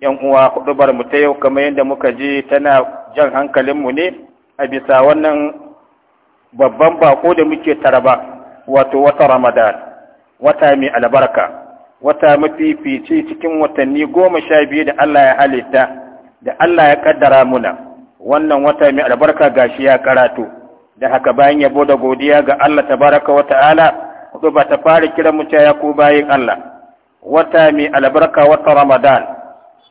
yan uwa hudubar mu ta yau kamar yadda muka ji tana jan hankalin mu ne a bisa wannan babban bako da muke tara ba. wato wata ramadan wata mai albarka wata mafifici cikin watanni goma sha biyu da Allah ya halitta da Allah ya kaddara muna wannan wata mai albarka gashi ya karatu da haka bayan yabo da godiya ga Allah tabaraka wa ta'ala hudu ba ta fara kiran mu ya ku bayin Allah wata mai albarka wata ramadan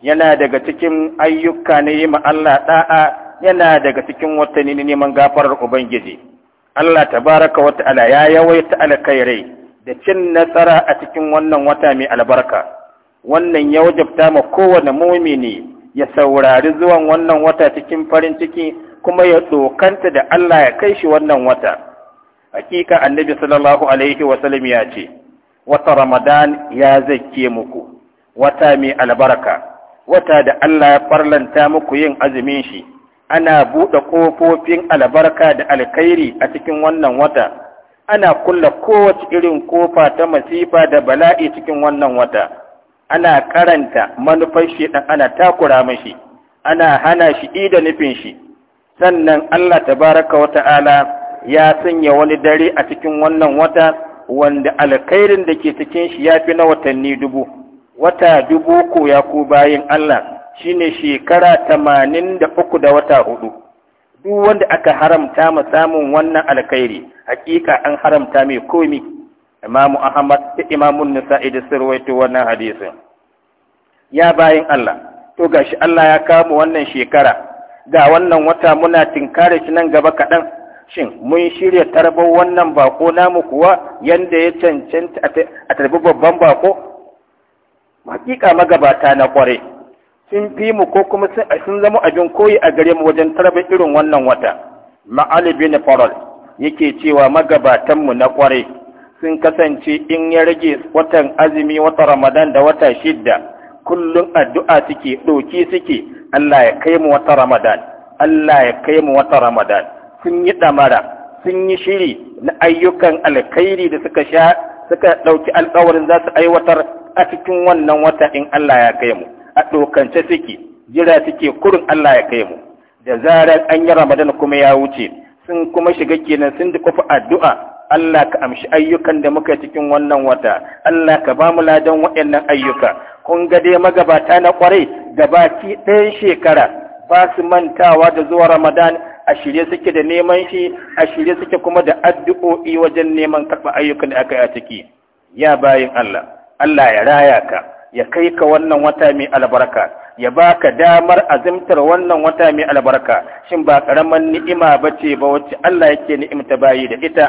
yana daga cikin ayyuka na yi ma Allah ɗa'a yana daga cikin watanni ne neman gafarar Ubangiji. Allah tabaraka wa ta'ala ya yawaita alkhairai da cin nasara a cikin wannan wata mai albarka. Wannan ya wajabta ma kowane mumini ya saurari zuwan wannan wata cikin farin ciki kuma ya dokanta da Allah ya kai shi wannan wata. Hakika annabi sallallahu alaihi wasallam ya ce, Wata Ramadan ya zake muku, wata mai albarka. wata da Allah ya farlanta muku yin azumin shi ana buɗe ƙofofin albarka da alkhairi a cikin wannan wata ana kulla kowace irin kofa ta masifa da bala'i cikin wannan wata ana karanta manufar shi dan ana takura mashi ana hana shi ida nufin shi sannan Allah tabaraka wa ta'ala ya sanya wani dare a cikin wannan wata wanda alkhairin da ke cikin shi ya fi na watanni dubu wata dubu ko ya ku bayin Allah shi ne shekara tamanin da uku da wata hudu duk wanda aka haramta ma samun wannan alkhairi hakika an haramta mai komi imamu ahmad da imamun nisa'i da sirwaito wannan hadisin ya bayin Allah to gashi Allah ya kama wannan shekara ga wannan wata muna tinkare shi nan gaba kaɗan shin mun shirya tarbar wannan bako namu kuwa yanda ya cancanta a tarbi babban bako hakika magabata na kware sun fi mu ko kuma sun zama abin koyi a gare mu wajen tarbe irin wannan wata ma'ali bin farol yake cewa magabatan mu na kware sun kasance in ya rage watan azumi wata ramadan da wata shidda kullum addu'a suke ɗoki suke Allah ya kai mu wata ramadan Allah ya kai mu wata ramadan sun yi ɗamara sun yi shiri na ayyukan alkhairi da suka sha suka ɗauki alƙawarin za su aiwatar a cikin wannan wata in Allah ya kai mu a ɗokance suke jira suke kurin Allah ya kai mu da zarar an yi ramadan kuma ya wuce sun kuma shiga kenan sun dukufa addu'a Allah ka amshi ayyukan da muka cikin wannan wata Allah ka ba mu ladan waɗannan ayyuka kun ga dai magabata na kwarai gabaki ɗayan shekara ba su mantawa da zuwa Ramadan a shirye suke da neman shi a shirye suke kuma da addu'o'i wajen neman karɓar ayyukan da aka yi a ciki ya bayin Allah Allah ya raya ka ya kai ka wannan wata mai albarka ya baka damar azimtar wannan wata mai albarka shin ba karaman ni'ima bace ba wacce Allah yake ni'imta bayi da ita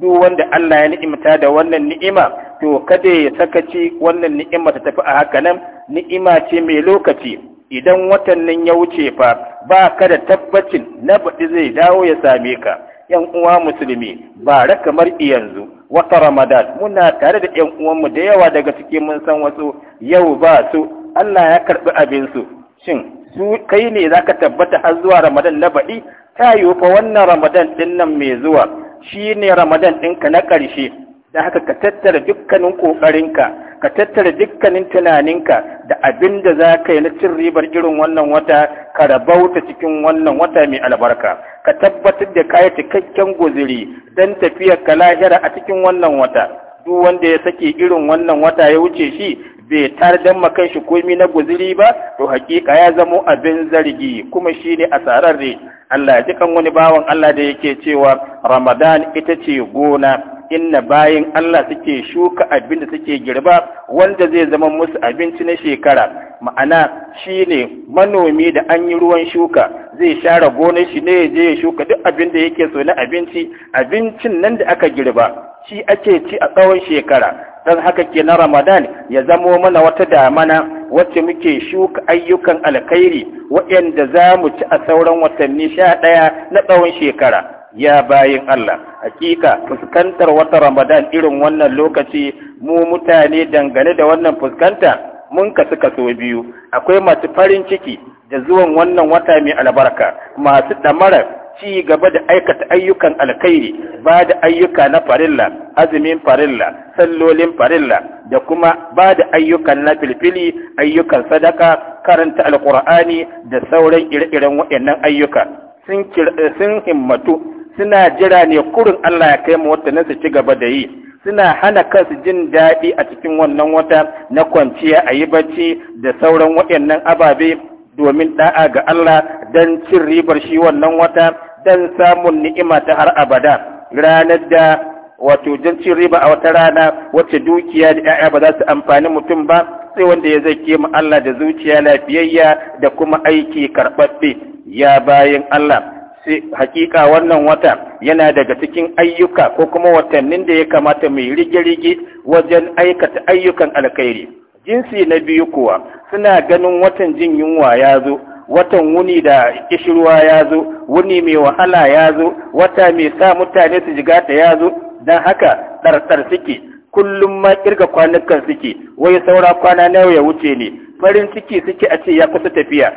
duk wanda Allah ya ni'imta da wannan ni'ima to kada ya sakaci wannan ni'ima ta tafi a haka nan ni'ima ce mai lokaci idan watan nan ya wuce fa ba ka da tabbacin na baɗi zai dawo ya same ka yan uwa musulmi ba ra kamar yanzu wata ramadan muna tare da yan uwanmu da yawa daga cikin mun san wasu yau ba su Allah ya karɓi abinsu shin su kai ne za ka tabbata har zuwa ramadan na baɗi ta yiwu fa wannan ramadan ɗin nan mai zuwa shi ne ramadan ɗinka na ƙarshe da haka ka tattara dukkanin ƙoƙarinka ka tattara dukkanin tunaninka da abin da za ka yi na cin ribar irin wannan wata ka rabauta cikin wannan wata mai albarka ka tabbatar da kayi cikakken guziri don tafiyar ka lahira a cikin wannan wata duk wanda ya sake irin wannan wata ya wuce shi bai tar tardan makan shi komi na guziri ba to hakika ya zamo abin zargi kuma shine asararre Allah ya ji kan wani bawan Allah da yake cewa Ramadan ita ce gona inna bayin Allah suke shuka abin da suke girba wanda zai zama musu abinci na shekara ma'ana shine manomi da an yi ruwan shuka zai share gonar shi ne je ya shuka duk abin da yake so na abinci abincin nan da aka girba shi ake ci a tsawon shekara don haka ke na ramadan ya zamo mana wata damana wacce muke shuka ayyukan alkhairi waɗanda za mu ci a sauran watanni sha ɗaya na tsawon shekara ya bayin Allah hakika fuskantar wata Ramadan irin wannan lokaci mu mutane dangane da wannan fuskanta mun kasu kaso biyu akwai masu farin ciki da zuwan wannan wata mai albarka masu ɗamarar ci gaba da aikata ayyukan alkhairi ba da ayyuka na farilla azumin farilla sallolin farilla da kuma ba da ayyukan na filfili ayyukan sadaka karanta alkur'ani da sauran ire-iren waɗannan ayyuka sun himmatu suna jira ne kurin Allah ya kai mu watannin su ci gaba da yi suna hana kansu jin daɗi a cikin wannan wata na kwanciya a yi bacci da sauran waɗannan ababe domin ɗa'a ga Allah don cin ribar shi wannan wata don samun ni'ima ta har abada ranar da wato don cin riba a wata rana wacce dukiya da 'ya'ya ba za su amfani mutum ba sai wanda ya zai kema Allah da zuciya lafiyayya da kuma aiki karɓaɓɓe ya bayan Allah hakika wannan wata yana daga cikin ayyuka ko kuma watannin da ya kamata mai rige-rige wajen aikata ayyukan alkhairi jinsi na biyu kuwa suna ganin watan jin yunwa ya zo watan wuni da kishirwa ya zo wuni mai wahala ya zo wata mai sa mutane su jigata ya zo don haka ɗarsar suke kullum ma kirga kwanukan suke wai saura kwana nawa ya wuce ne farin ciki suke a ce ya kusa tafiya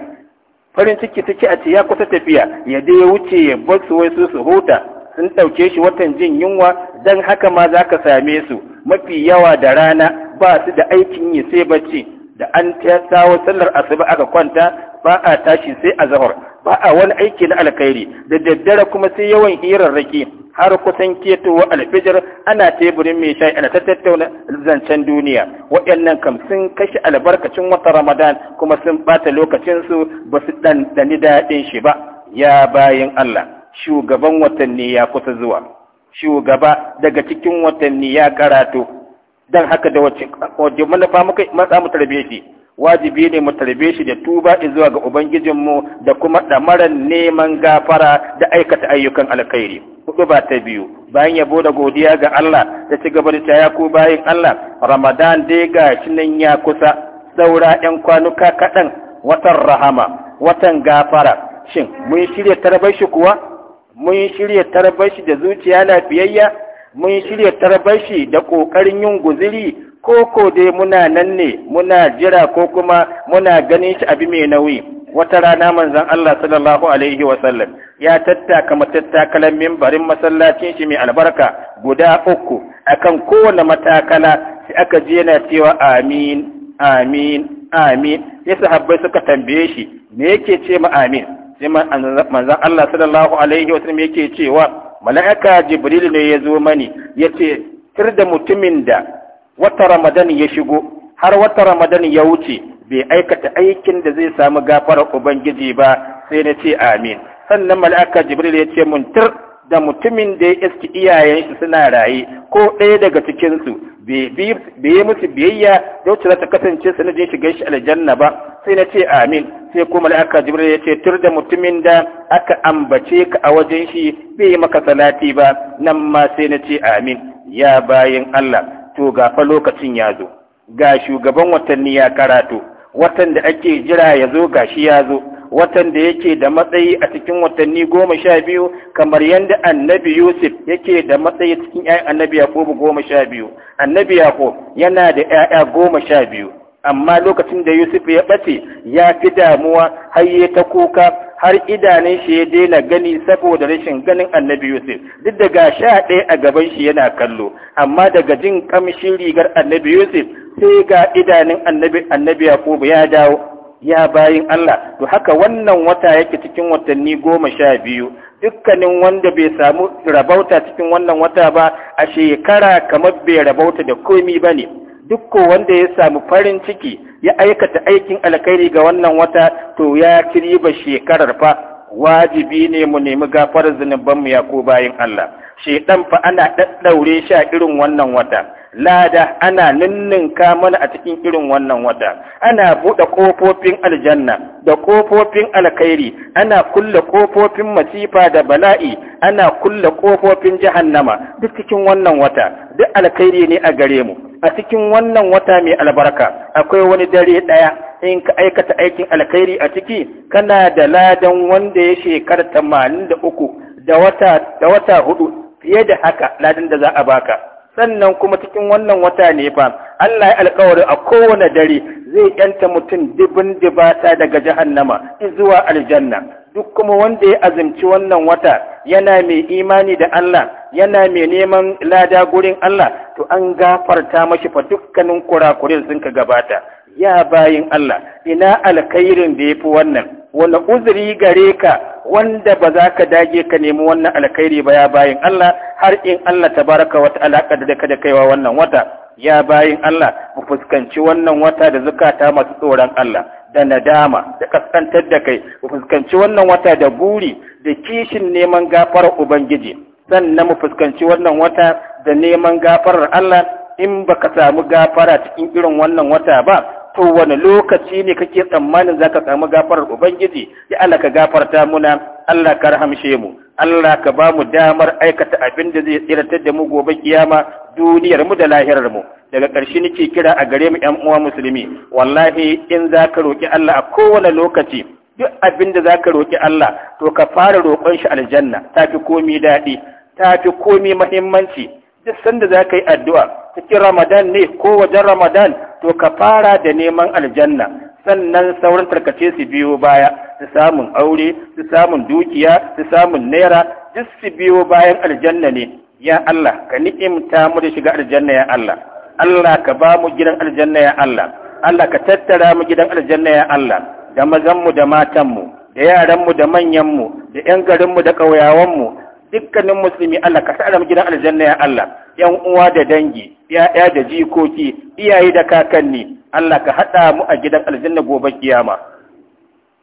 farin ciki take a ce ya kusa tafiya ya je ya wuce ya bar su wai su su huta sun ɗauke shi watan jin yunwa dan haka ma za ka same su mafi yawa da rana ba su da aikin yi sai bacci da an tawo sallar asuba aka kwanta ba a tashi sai a zahar ba a wani aiki na alkhairi da daddare kuma sai yawan hirarraki har kusan ketowa alfijir ana teburin mai shayi ana ta tattauna zancen duniya waɗannan kam sun kashe albarkacin wata ramadan kuma sun bata lokacinsu ba su ɗanɗani daɗin shi ba ya bayan allah shugaban watanni ya kusa zuwa shugaba daga cikin watanni ya karatu don haka da wacce manufa muka matsa mu wajibi ne mu tarbe shi da tuba zuwa ga ubangijinmu da kuma ɗamaran neman gafara da aikata ayyukan alkhairi hudu ba ta biyu bayan ya da godiya ga Allah da ci gaba da taya ko bayan Allah Ramadan dai ga shi nan ya kusa saura 'yan kwanuka kaɗan watan rahama watan gafara shin mun shirya tarbar shi kuwa mun shirya tarbar shi da zuciya lafiyayya mun shirya tarbar shi da ƙoƙarin yin guziri ko ko dai muna nan ne muna jira ko kuma muna ganin shi abi mai nauyi wata rana manzon Allah sallallahu alaihi wasallam ya tattaka matattakalan minbarin masallacin shi mai albarka guda uku akan kowane matakala sai aka ji yana cewa amin amin amin ya sahabbai suka tambaye shi me yake ce ma amin sai manzon Allah sallallahu alaihi wasallam yake cewa mala'ika jibril ne ya zo mani yace tir da mutumin da wata ramadan ya shigo har wata ramadan ya wuce bai aikata aikin da zai samu gafarar ubangiji ba sai na ce amin sannan mala'aka jibril ya ce mun tir da mutumin da ya iski iyayen shi suna raye ko ɗaya daga cikinsu bai yi musu biyayya da wuce za ta kasance sanadin shiga shi aljanna ba sai na ce amin sai kuma mala'aka jibril ya ce tur da mutumin da aka ambace ka a wajen shi bai yi maka salati ba nan ma sai na ce amin ya bayin Allah to ga fa lokacin ya zo ga shugaban watanni ya karato watan da ake jira ya zo ga shi ya zo watan da yake da matsayi a cikin watanni goma sha biyu kamar yadda annabi yusuf yake da matsayi cikin ‘ya'yan annabi yakubu goma sha biyu annabi yakub yana da ‘ya'ya goma sha biyu amma lokacin da yusuf ya ɓace ya fi damuwa har ta kuka har idanun shi ya daina gani saboda rashin ganin annabi Yusuf duk daga sha ɗaya a gaban shi yana kallo amma daga jin kamshin rigar annabi Yusuf sai ga idanun annabi annabi Yakub ya dawo ya bayin Allah to haka wannan wata yake cikin watanni goma sha biyu dukkanin wanda bai samu rabauta cikin wannan wata ba a shekara kamar bai rabauta da komi ba ne duk wanda ya samu farin ciki ya aikata aikin alkhairi ga wannan wata to ya ci riba shekarar fa wajibi ne mu nemi gafarar mu ya ko bayin Allah shedan fa ana daddaure shi a irin wannan wata lada ana ninninka mana a cikin irin wannan wata ana buɗe kofofin aljanna da kofofin alkhairi ana kulle kofofin masifa da bala'i ana kulle ƙofofin jahannama duk cikin wannan wata duk alkhairi ne a gare mu a cikin wannan wata mai albarka akwai wani dare ɗaya in ka aikata aikin alkhairi a ciki kana da ladan wanda ya shekar tamanin da uku da wata hudu fiye da haka ladan da za a baka sannan kuma cikin wannan wata ne fa Allah ya alkawari a kowane dare zai yanta mutum dibin dibata daga jahannama zuwa aljanna duk kuma wanda ya azumci wannan wata yana mai imani da Allah yana mai neman lada gurin Allah to an gafarta mashi fa dukkanin kurakurin sun ka gabata ya bayin Allah ina alkhairin da ya fi wannan wani uzuri gare ka wanda ba za ka dage ka nemi wannan alkhairi ba ya bayin Allah har in Allah tabaraka wa ta'ala da ka da kaiwa wannan wata ya bayin Allah mu fuskanci wannan wata da zukata masu tsoron Allah da nadama da kaskantar da kai ku fuskanci wannan wata da buri da kishin neman gafarar ubangiji sannan mu fuskanci wannan wata da neman gafarar Allah in baka samu gafara cikin irin wannan wata ba to wani lokaci ne kake tsammanin zaka samu gafarar ubangiji ya Allah ka gafarta muna Allah ka rahamshe mu Allah ka ba mu damar aikata abin da zai tsiratar da mu gobe kiyama duniyar mu da lahirar mu daga ƙarshe nake kira a gare mu ƴan uwa musulmi wallahi in za ka roki Allah a kowane lokaci duk abin da za ka roki Allah to ka fara roƙon shi aljanna ta fi komi daɗi ta fi komi mahimmanci duk sanda za ka yi addu'a cikin ramadan ne ko wajen ramadan to ka fara da neman aljanna sannan sauran tarkace su biyo baya Su samun aure su samun dukiya su samun naira duk su biyo bayan aljanna ne ya Allah ka ni'imta mu da shiga aljanna ya Allah Allah ka ba mu gidan aljanna ya Allah Allah ka tattara mu gidan aljanna ya Allah da mazanmu da matanmu da yaranmu da manyanmu da 'yan garinmu da ƙauyawanmu dukkanin musulmi Allah ka tsara mu gidan aljanna ya Allah yan uwa da dangi ya'ya da jikoki iyaye da kakanni Allah ka haɗa mu a gidan aljanna gobe kiyama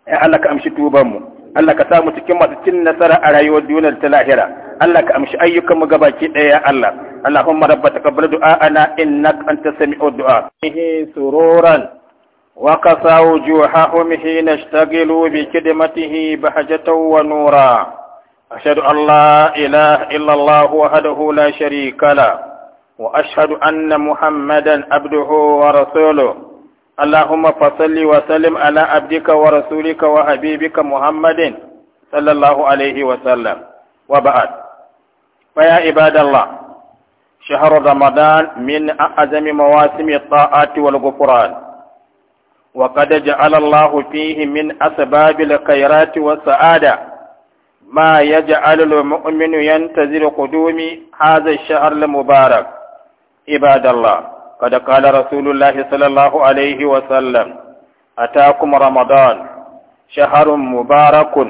ya eh, Allah ka amshi tuban mu Allah ka samu cikin masu cin nasara a rayuwar duniyar ta lahira Allah ka amshi ayyukan mu gabaki ɗaya ya Allah Allahumma rabba taqabbal du'a'ana innaka anta sami'u du'a bihi sururan wa qasa wujuhahum hina ishtaghalu bi kidmatihi bahajatan wa nura ashhadu an la ilaha illa Allah wahdahu la sharika la wa ashhadu anna muhammadan abduhu wa rasuluhu اللهم فصل وسلم على عبدك ورسولك وحبيبك محمد صلى الله عليه وسلم وبعد فيا عباد الله شهر رمضان من أعظم مواسم الطاعات والغفران وقد جعل الله فيه من أسباب الخيرات والسعادة ما يجعل المؤمن ينتظر قدوم هذا الشهر المبارك عباد الله قد قال رسول الله صلى الله عليه وسلم أتاكم رمضان شهر مبارك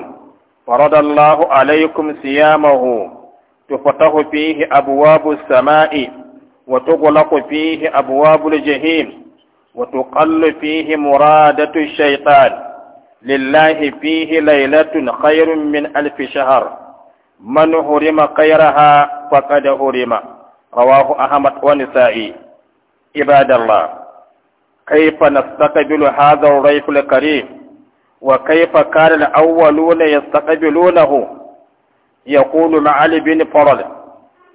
فرض الله عليكم صيامه تفتح فيه أبواب السماء وتغلق فيه أبواب الجحيم وتقل فيه مرادة الشيطان لله فيه ليلة خير من ألف شهر من هرم خيرها فقد هرم رواه أحمد ونسائي عباد الله كيف نستقبل هذا الريف الكريم وكيف كان الأولون يستقبلونه يقول معالي بن فرد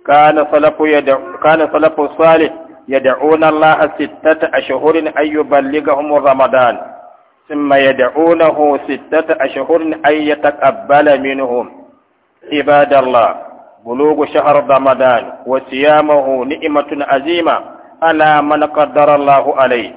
كان صلف يدعو كان صلف صالح يدعون الله ستة أشهر أن يبلغهم رمضان ثم يدعونه ستة أشهر أن يتقبل منهم عباد الله بلوغ شهر رمضان وصيامه نعمة عظيمة على من قدر الله عليه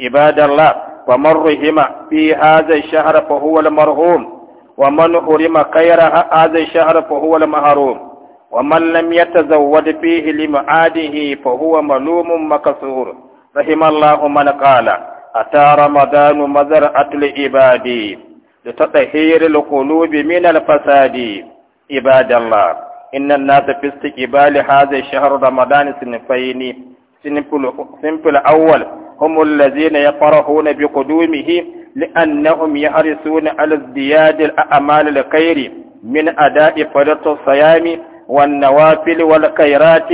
عباد الله ومن رحم في هذا الشهر فهو المرحوم ومن حرم خير هذا الشهر فهو المحروم ومن لم يتزود فيه لمعاده فهو ملوم مكسور رحم الله من قال أتى رمضان مزرعة العباد لتطهير القلوب من الفساد عباد الله إن الناس في استقبال هذا الشهر رمضان سنفين simple simple awwal هم الذين يفرحون بقدومه لأنهم يحرصون على ازدياد الأعمال الخير من أداء فرط الصيام والنوافل والخيرات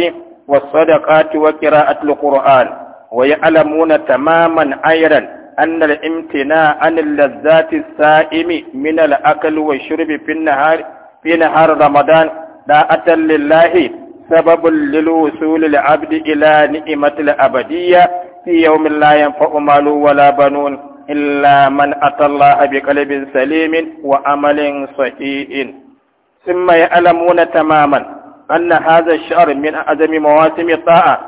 والصدقات وقراءة القرآن ويعلمون تماما أيضا أن الامتناع عن اللذات السائم من الأكل والشرب في النهار في نهار رمضان داعة لله سبب للوصول العبد إلى نعمة الأبدية في يوم لا ينفع مال ولا بنون إلا من أتى الله بقلب سليم وعمل صحيح ثم يعلمون تماما أن هذا الشهر من أعظم مواسم الطاعة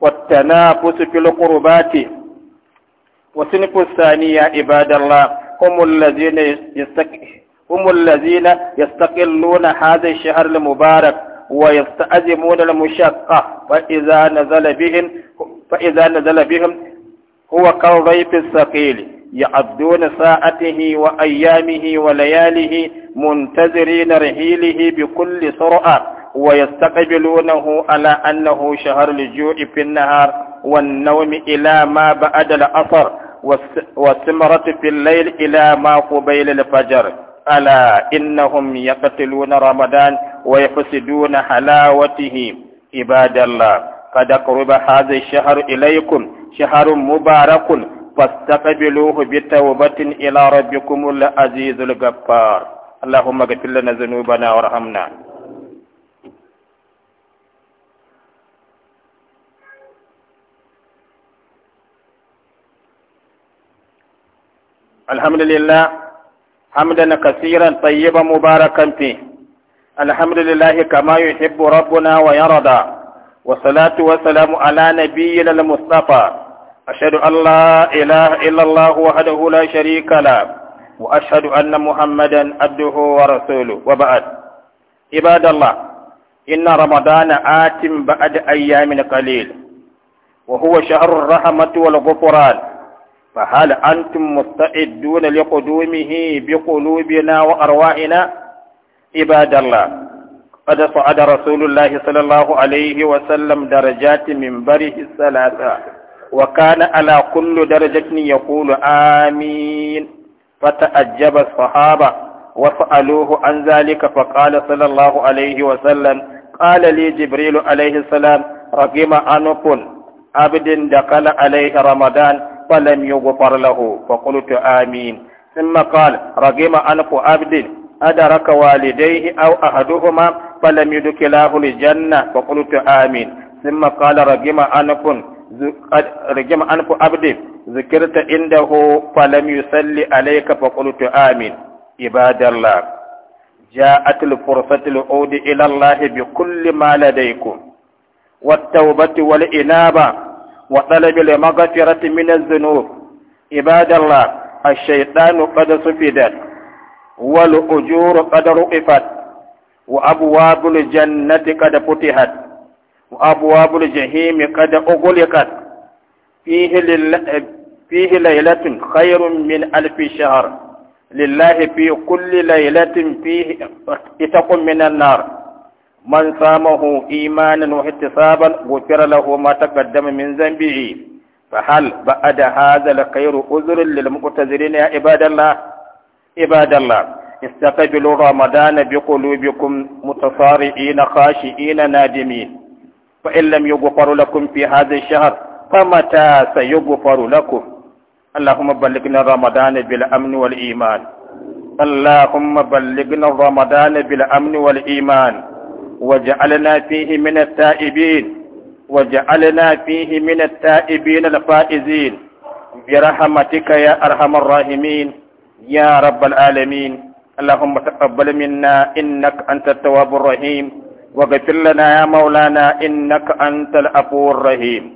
والتنافس في القربات وصنف يا عباد الله هم الذين يستق... هم الذين يستقلون هذا الشهر المبارك ويستأذمون المشقة فإذا نزل بهم فإذا نزل بهم هو كالضيف الثقيل يعدون ساعته وأيامه ولياله منتظرين رحيله بكل سرعة ويستقبلونه على أنه شهر الجوع في النهار والنوم إلى ما بعد العصر والسمرة في الليل إلى ما قبيل الفجر ala innahum yaqtiluna ramadan wa yafsiduna halawatihi ibadallah kada qurba hadha ash mubarakun fastaqbiluhu bi tawbatin ila alhamdulillah حمدا كثيرا طيبا مباركا فيه الحمد لله كما يحب ربنا ويرضى والصلاة والسلام على نبينا المصطفى أشهد أن لا إله إلا الله وحده لا شريك له وأشهد أن محمدا عبده ورسوله وبعد عباد الله إن رمضان آت بعد أيام قليل وهو شهر الرحمة والغفران فهل أنتم مستعدون لقدومه بقلوبنا وأرواحنا عباد الله قد صعد رسول الله صلى الله عليه وسلم درجات منبره الثلاثة وكان على كل درجة يقول آمين فتأجب الصحابة وسألوه عن ذلك فقال صلى الله عليه وسلم قال لي جبريل عليه السلام رقم أنف عبد دخل عليه رمضان فلم يغفر له فقلت آمين ثم قال رغم أنف عبد أدرك والديه أو أحدهما فلم يدخلاه الجنة فقلت آمين ثم قال رغم أنف رجم أنف عبد ذكرت عنده فلم يصلي عليك فقلت آمين عباد الله جاءت الفرصة العود إلى الله بكل ما لديكم والتوبة والإنابة وطلب المغفرة من الذنوب عباد الله الشيطان قد سفدت والأجور قد رؤفت وأبواب الجنة قد فتحت وأبواب الجحيم قد أغلقت فيه, لل... فيه ليلة خير من ألف شهر لله في كل ليلة فيه اتق من النار من صامه إيمانا واحتسابا غفر له ما تقدم من ذنبه فهل بعد هذا لخير عذر للمعتذرين يا عباد الله عباد الله استقبلوا رمضان بقلوبكم متصارعين خاشئين نادمين فإن لم يغفر لكم في هذا الشهر فمتى سيغفر لكم اللهم بلغنا رمضان بالأمن والإيمان اللهم بلغنا رمضان بالأمن والإيمان وجعلنا فيه من التائبين وجعلنا فيه من التائبين الفائزين برحمتك يا أرحم الراحمين يا رب العالمين اللهم تقبل منا إنك أنت التواب الرحيم واغفر لنا يا مولانا إنك أنت العفو الرحيم